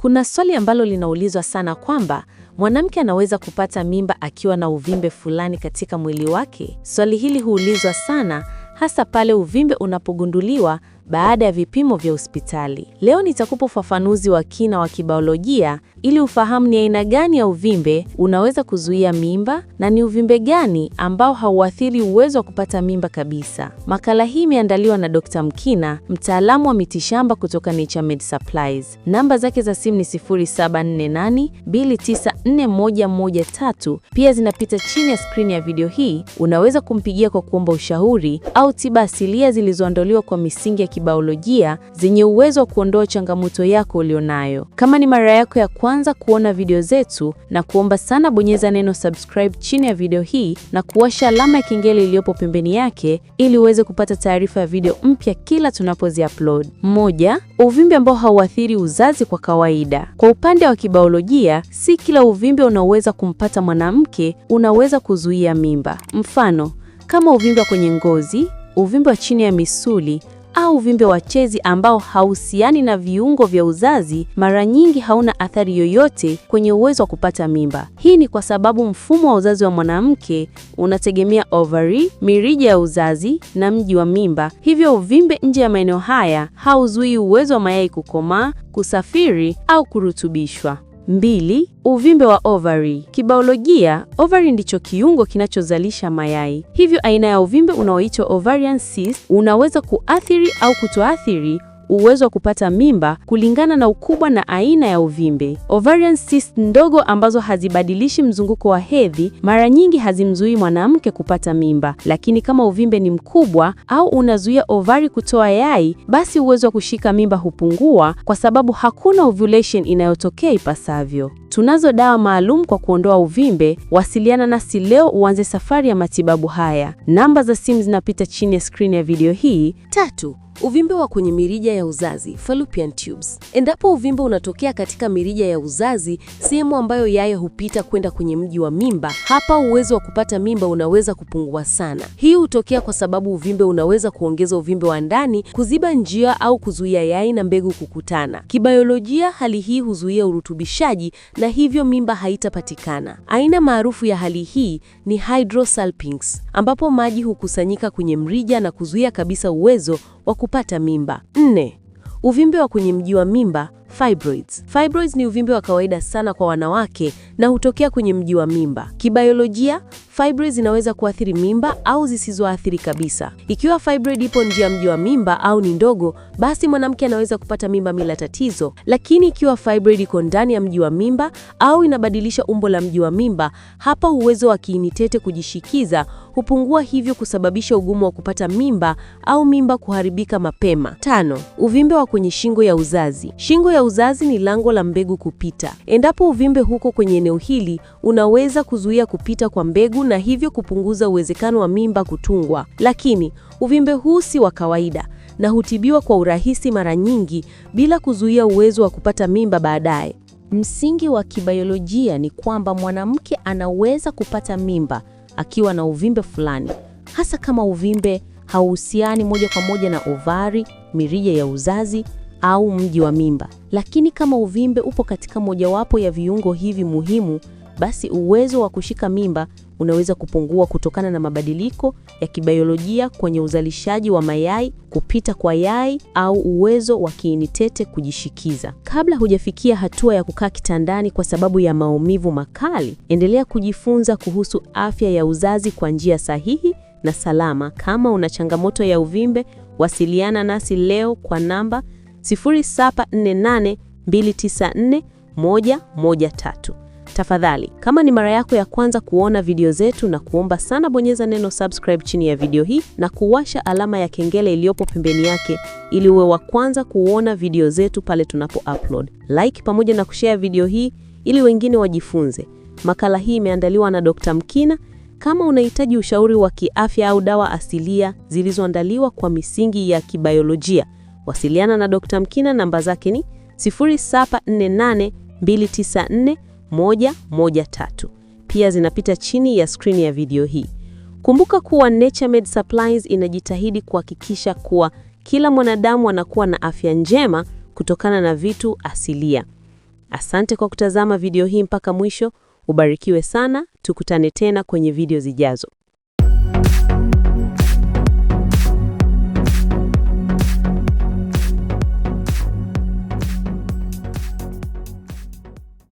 Kuna swali ambalo linaulizwa sana kwamba mwanamke anaweza kupata mimba akiwa na uvimbe fulani katika mwili wake. Swali hili huulizwa sana hasa pale uvimbe unapogunduliwa baada ya vipimo vya hospitali. Leo nitakupa ufafanuzi wa kina wa kibiolojia ili ufahamu ni aina gani ya uvimbe unaweza kuzuia mimba na ni uvimbe gani ambao hauathiri uwezo wa kupata mimba kabisa. Makala hii imeandaliwa na Dr. Mkina, mtaalamu wa mitishamba kutoka Naturemed Supplies. Namba zake za simu ni 0748294113. Pia zinapita chini ya skrini ya video hii. Unaweza kumpigia kwa kuomba ushauri au tiba asilia zilizoandaliwa kwa misingi ya kibaolojia zenye uwezo wa kuondoa changamoto yako ulionayo. Kama ni mara yako ya kwanza kuona video zetu, na kuomba sana bonyeza neno subscribe chini ya video hii na kuwasha alama ya kengele iliyopo pembeni yake ili uweze kupata taarifa ya video mpya kila upload. Moja, uvimbe ambao hauathiri uzazi kwa kawaida. Kwa upande wa kibaolojia, si kila uvimbe unaoweza kumpata mwanamke unaweza kuzuia mimba. Mfano, kama uvimbe kwenye ngozi, uvimbe wa chini ya misuli au uvimbe wa chezi ambao hauhusiani na viungo vya uzazi mara nyingi hauna athari yoyote kwenye uwezo wa kupata mimba. Hii ni kwa sababu mfumo wa uzazi wa mwanamke unategemea ovary, mirija ya uzazi na mji wa mimba. Hivyo uvimbe nje ya maeneo haya hauzuii uwezo wa mayai kukomaa, kusafiri au kurutubishwa. Mbili, uvimbe wa ovary. Kibiolojia, ovary ndicho kiungo kinachozalisha mayai. Hivyo aina ya uvimbe unaoitwa ovarian cyst unaweza kuathiri au kutoathiri uwezo wa kupata mimba kulingana na ukubwa na aina ya uvimbe. Ovarian cyst ndogo ambazo hazibadilishi mzunguko wa hedhi mara nyingi hazimzuii mwanamke kupata mimba, lakini kama uvimbe ni mkubwa au unazuia ovari kutoa yai, basi uwezo wa kushika mimba hupungua kwa sababu hakuna ovulation inayotokea ipasavyo. Tunazo dawa maalum kwa kuondoa uvimbe. Wasiliana nasi leo uanze safari ya matibabu haya. Namba za simu zinapita chini ya skrini ya video hii. Tatu, Uvimbe wa kwenye mirija ya uzazi fallopian tubes. Endapo uvimbe unatokea katika mirija ya uzazi, sehemu ambayo yaya hupita kwenda kwenye mji wa mimba, hapa uwezo wa kupata mimba unaweza kupungua sana. Hii hutokea kwa sababu uvimbe unaweza kuongeza uvimbe wa ndani, kuziba njia au kuzuia yai na mbegu kukutana. Kibayolojia, hali hii huzuia urutubishaji na hivyo mimba haitapatikana. Aina maarufu ya hali hii ni hydrosalpinx, ambapo maji hukusanyika kwenye mrija na kuzuia kabisa uwezo wa kupata mimba. Nne, uvimbe wa kwenye mji wa mimba fibroids. Fibroids ni uvimbe wa kawaida sana kwa wanawake na hutokea kwenye mji wa mimba. Kibiolojia, fibroids inaweza kuathiri mimba au zisizoathiri kabisa. Ikiwa fibroid ipo nje ya mji wa mimba au ni ndogo, basi mwanamke anaweza kupata mimba bila tatizo. Lakini ikiwa fibroid iko ndani ya mji wa mimba au inabadilisha umbo la mji wa mimba, hapa uwezo wa kiini tete kujishikiza hupungua, hivyo kusababisha ugumu wa kupata mimba au mimba kuharibika mapema. Tano, uvimbe wa kwenye shingo ya uzazi. Shingo ya uzazi ni lango la mbegu kupita. Endapo uvimbe huko kwenye eneo hili, unaweza kuzuia kupita kwa mbegu na hivyo kupunguza uwezekano wa mimba kutungwa. Lakini uvimbe huu si wa kawaida na hutibiwa kwa urahisi mara nyingi bila kuzuia uwezo wa kupata mimba baadaye. Msingi wa kibayolojia ni kwamba mwanamke anaweza kupata mimba akiwa na uvimbe fulani, hasa kama uvimbe hauhusiani moja kwa moja na ovari, mirija ya uzazi au mji wa mimba. Lakini kama uvimbe upo katika mojawapo ya viungo hivi muhimu basi uwezo wa kushika mimba unaweza kupungua kutokana na mabadiliko ya kibaiolojia kwenye uzalishaji wa mayai, kupita kwa yai au uwezo wa kiini tete kujishikiza. Kabla hujafikia hatua ya kukaa kitandani kwa sababu ya maumivu makali, endelea kujifunza kuhusu afya ya uzazi kwa njia sahihi na salama. Kama una changamoto ya uvimbe, wasiliana nasi leo kwa namba 0748294113. Tafadhali, kama ni mara yako ya kwanza kuona video zetu, na kuomba sana bonyeza neno subscribe chini ya video hii na kuwasha alama ya kengele iliyopo pembeni yake ili uwe wa kwanza kuona video zetu pale tunapo upload. Like pamoja na kushare video hii ili wengine wajifunze. Makala hii imeandaliwa na Dr. Mkina. Kama unahitaji ushauri wa kiafya au dawa asilia zilizoandaliwa kwa misingi ya kibayolojia, wasiliana na Dr. Mkina. Namba zake ni 0748294 113 pia zinapita chini ya skrini ya video hii. Kumbuka kuwa Naturemed Supplies inajitahidi kuhakikisha kuwa kila mwanadamu anakuwa na afya njema kutokana na vitu asilia. Asante kwa kutazama video hii mpaka mwisho. Ubarikiwe sana, tukutane tena kwenye video zijazo.